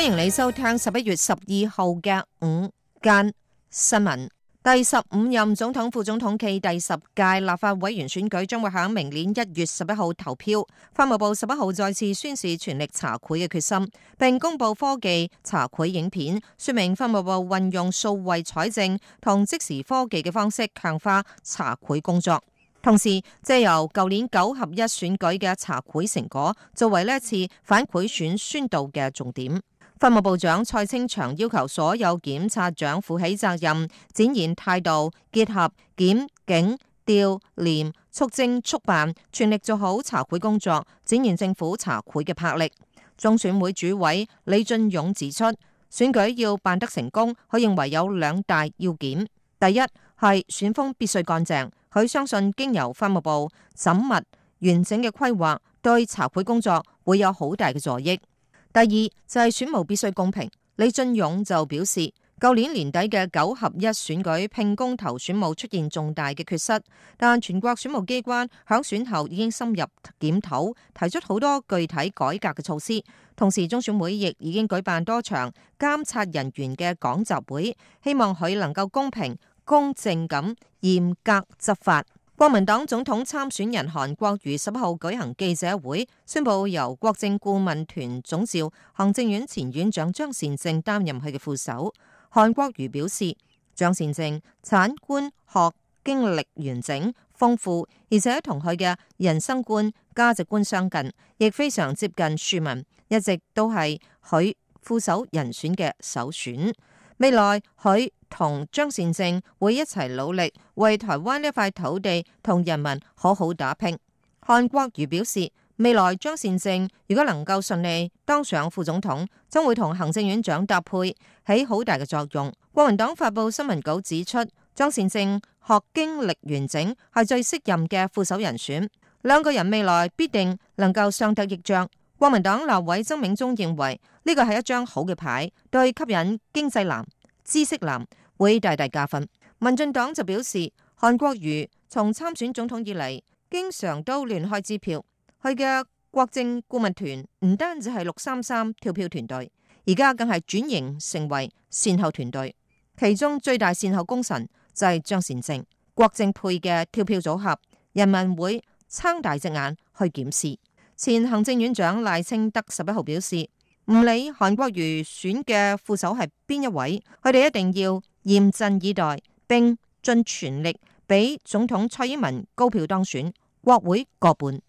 歡迎你收聽十一月十二號嘅午間新聞。第十五任總統副總統暨第十屆立法委員選舉將會喺明年一月十一號投票。法務部十一號再次宣示全力查賄嘅決心，並公布科技查賄影片，說明法務部運用數位採證同即時科技嘅方式強化查賄工作。同時，借由舊年九合一選舉嘅查賄成果，作為呢一次反賄選宣導嘅重點。法務部長蔡清祥要求所有檢察長負起責任，展現態度，結合檢警調廉促政促辦，全力做好查賄工作，展現政府查賄嘅魄力。中選會主委李進勇指出，選舉要辦得成功，佢認為有兩大要件，第一係選風必須乾淨，佢相信經由法務部縝密完整嘅規劃，對查賄工作會有好大嘅助益。第二就係選務必須公平。李進勇就表示，舊年年底嘅九合一選舉併公投選務出現重大嘅缺失，但全國選務機關喺選後已經深入檢討，提出好多具體改革嘅措施。同時，中選會亦已經舉辦多場監察人員嘅講習會，希望佢能夠公平、公正咁嚴格執法。國民黨總統參選人韓國瑜十一號舉行記者會，宣布由國政顧問團總召、行政院前院長張善政擔任佢嘅副手。韓國瑜表示，張善政產官學經歷完整豐富，而且同佢嘅人生觀、價值觀相近，亦非常接近庶民，一直都係佢副手人選嘅首選。未來佢同張善政會一齊努力，為台灣呢塊土地同人民好好打拼。韓國瑜表示，未來張善政如果能夠順利當上副總統，將會同行政院長搭配，起好大嘅作用。國民黨發布新聞稿指出，張善政學經歷完整，係最適任嘅副手人選。兩個人未來必定能夠相得益彰。國民黨立委曾銘宗認為，呢個係一張好嘅牌，對吸引經濟藍，知識男會大大加分。民進黨就表示，韓國瑜從參選總統以嚟，經常都亂開支票。佢嘅國政顧問團唔單止係六三三跳票團隊，而家更係轉型成為善後團隊。其中最大善後功臣就係張善政。國政配嘅跳票組合，人民會撐大隻眼去檢視。前行政院長賴清德十一號表示，唔理韓國瑜選嘅副手係邊一位，佢哋一定要嚴陣以待，並盡全力俾總統蔡英文高票當選國會過半。二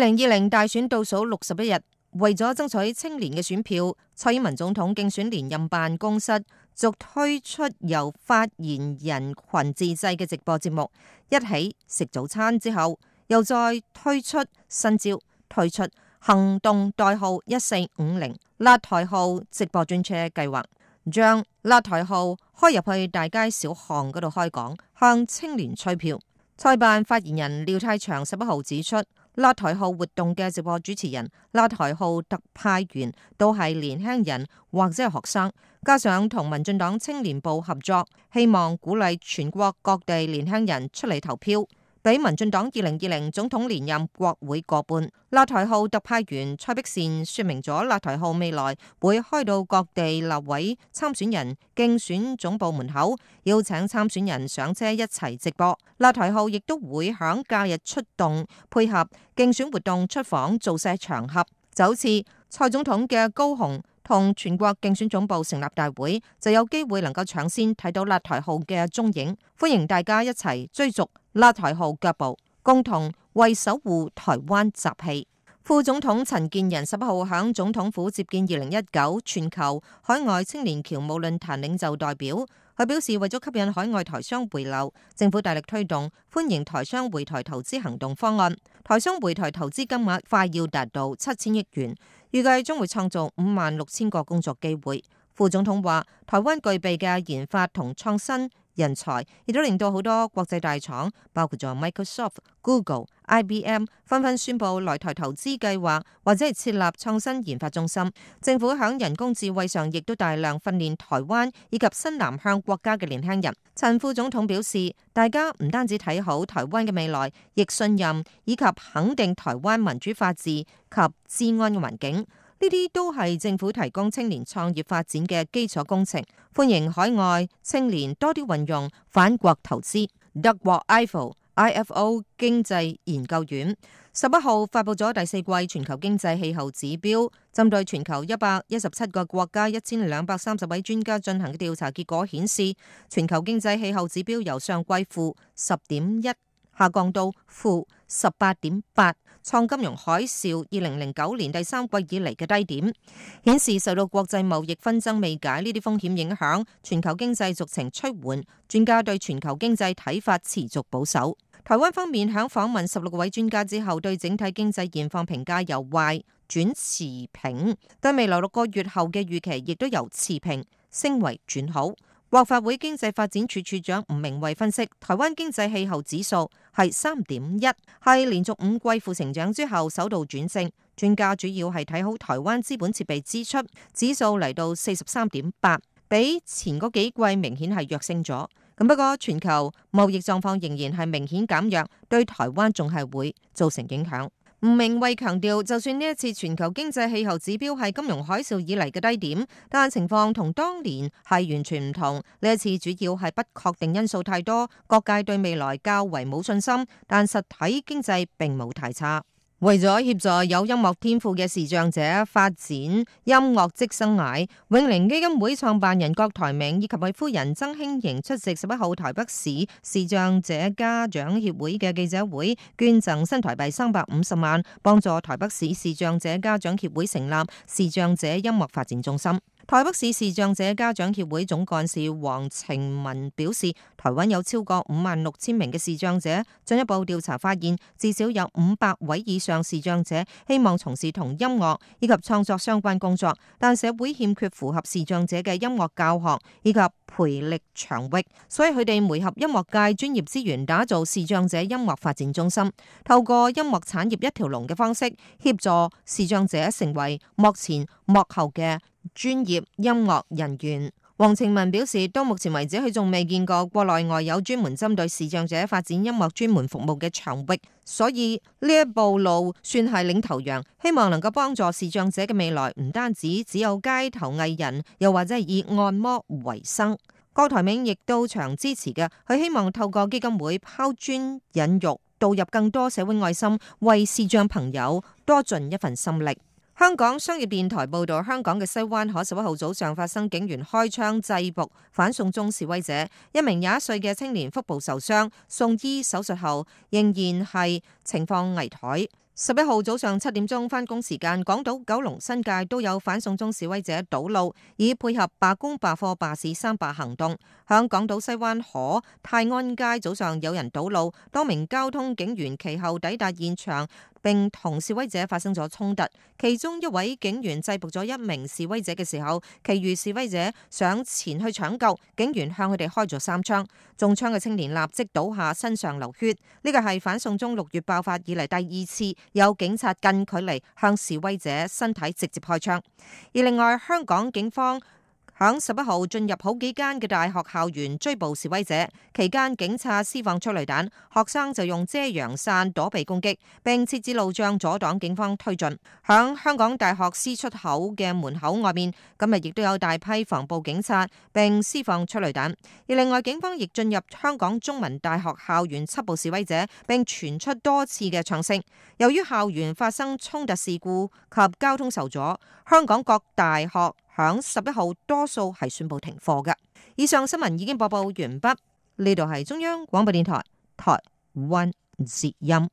零二零大選倒數六十一日，為咗爭取青年嘅選票，蔡英文總統競選連任辦公室續推出由發言人群自製嘅直播節目。一起食早餐之後，又再推出新招推出。行動代號一四五零，辣台號直播專車計劃，將辣台號開入去大街小巷嗰度開講，向青年吹票。蔡辦發言人廖太祥十一號指出，辣台號活動嘅直播主持人、辣台號特派員都係年輕人或者係學生，加上同民進黨青年部合作，希望鼓勵全國各地年輕人出嚟投票。俾民進黨二零二零總統連任國會過半，立台號特派員蔡碧善說明咗，立台號未來會開到各地立委參選人競選總部門口，邀請參選人上車一齊直播。立台號亦都會響假日出動，配合競選活動出訪造勢場合。就好似蔡總統嘅高雄，同全國競選總部成立大會，就有機會能夠搶先睇到辣台號嘅蹤影，歡迎大家一齊追逐辣台號腳步，共同為守護台灣集氣。副總統陳建仁十一號喺總統府接見二零一九全球海外青年僑務論壇領袖代表，佢表示為咗吸引海外台商回流，政府大力推動歡迎台商回台投資行動方案，台商回台投資金額快要達到七千億元。預計將會創造五萬六千個工作機會。副總統話，台灣具備嘅研發同創新，人才亦都令到好多國際大廠，包括咗 Microsoft、Google、IBM，紛紛宣布來台投資計劃或者係設立創新研發中心。政府響人工智慧上亦都大量訓練台灣以及新南向國家嘅年輕人。陳副總統表示，大家唔單止睇好台灣嘅未來，亦信任以及肯定台灣民主法治及治安嘅環境。呢啲都係政府提供青年創業發展嘅基礎工程，歡迎海外青年多啲運用返國投資。德國 IFO 經濟研究院十一號發布咗第四季全球經濟氣候指標，針對全球一百一十七個國家一千兩百三十位專家進行嘅調查結果顯示，全球經濟氣候指標由上季負十點一下降到負十八點八。創金融海嘯二零零九年第三季以嚟嘅低點，顯示受到國際貿易紛爭未解呢啲風險影響，全球經濟逐情趨緩。專家對全球經濟睇法持續保守。台灣方面響訪問十六位專家之後，對整體經濟現況評價由壞轉持平，對未來六個月後嘅預期亦都由持平升為轉好。國發會經濟發展處處長吳明慧分析，台灣經濟氣候指數係三點一，係連續五季負成長之後首度轉正。專家主要係睇好台灣資本設備支出指數嚟到四十三點八，比前嗰幾季明顯係弱性咗。咁不過全球貿易狀況仍然係明顯減弱，對台灣仲係會造成影響。吳明慧強調，就算呢一次全球經濟氣候指標係金融海嘯以嚟嘅低點，但情況同當年係完全唔同。呢一次主要係不確定因素太多，各界對未來較為冇信心，但實體經濟並冇太差。為咗協助有音樂天賦嘅視障者發展音樂職生涯，永齡基金會創辦人郭台銘以及佢夫人曾馨瑩出席十一號台北市視障者家長協會嘅記者會，捐贈新台幣三百五十萬，幫助台北市視障者家長協會成立視障者音樂發展中心。台北市視障者家長協會總幹事黃晴文表示，台灣有超過五萬六千名嘅視障者，進一步調查發現，至少有五百位以上視障者希望從事同音樂以及創作相關工作，但社會欠缺符合視障者嘅音樂教學以及培力長域，所以佢哋配合音樂界專業資源，打造視障者音樂發展中心，透過音樂產業一條龍嘅方式，協助視障者成為幕前幕後嘅專業音樂人員。黃晴文表示，到目前為止，佢仲未見過國內外有專門針對視障者發展音樂專門服務嘅場域，所以呢一步路算係領頭羊，希望能夠幫助視障者嘅未來，唔單止只有街頭藝人，又或者係以按摩為生。郭台銘亦都長支持嘅，佢希望透過基金會拋磚引玉，導入更多社會愛心，為視障朋友多盡一份心力。香港商業電台報道，香港嘅西灣河十一號早上發生警員開槍制服反送中示威者，一名廿一歲嘅青年腹部受傷，送醫手術後仍然係情況危殆。十一號早上七點鐘返工時間，港島九龍新界都有反送中示威者堵路，以配合罷工、罷課、罷市三罷行動。響港島西灣河泰安街早上有人堵路，多名交通警員其後抵達現場。並同示威者發生咗衝突，其中一位警員制服咗一名示威者嘅時候，其餘示威者上前去搶救，警員向佢哋開咗三槍，中槍嘅青年立即倒下，身上流血。呢個係反送中六月爆發以嚟第二次有警察近距離向示威者身體直接開槍，而另外，香港警方，響十一號進入好幾間嘅大學校園追捕示威者，期間警察施放催淚彈，學生就用遮陽傘躲避攻擊，並設置路障阻擋警方推進。響香港大學私出口嘅門口外面，今日亦都有大批防暴警察並施放催淚彈。而另外警方亦進入香港中文大學校園緝捕示威者，並傳出多次嘅槍聲。由於校園發生衝突事故及交通受阻，香港各大學。響十一號，多數係宣布停課噶。以上新聞已經播報完畢，呢度係中央廣播電台台灣節音。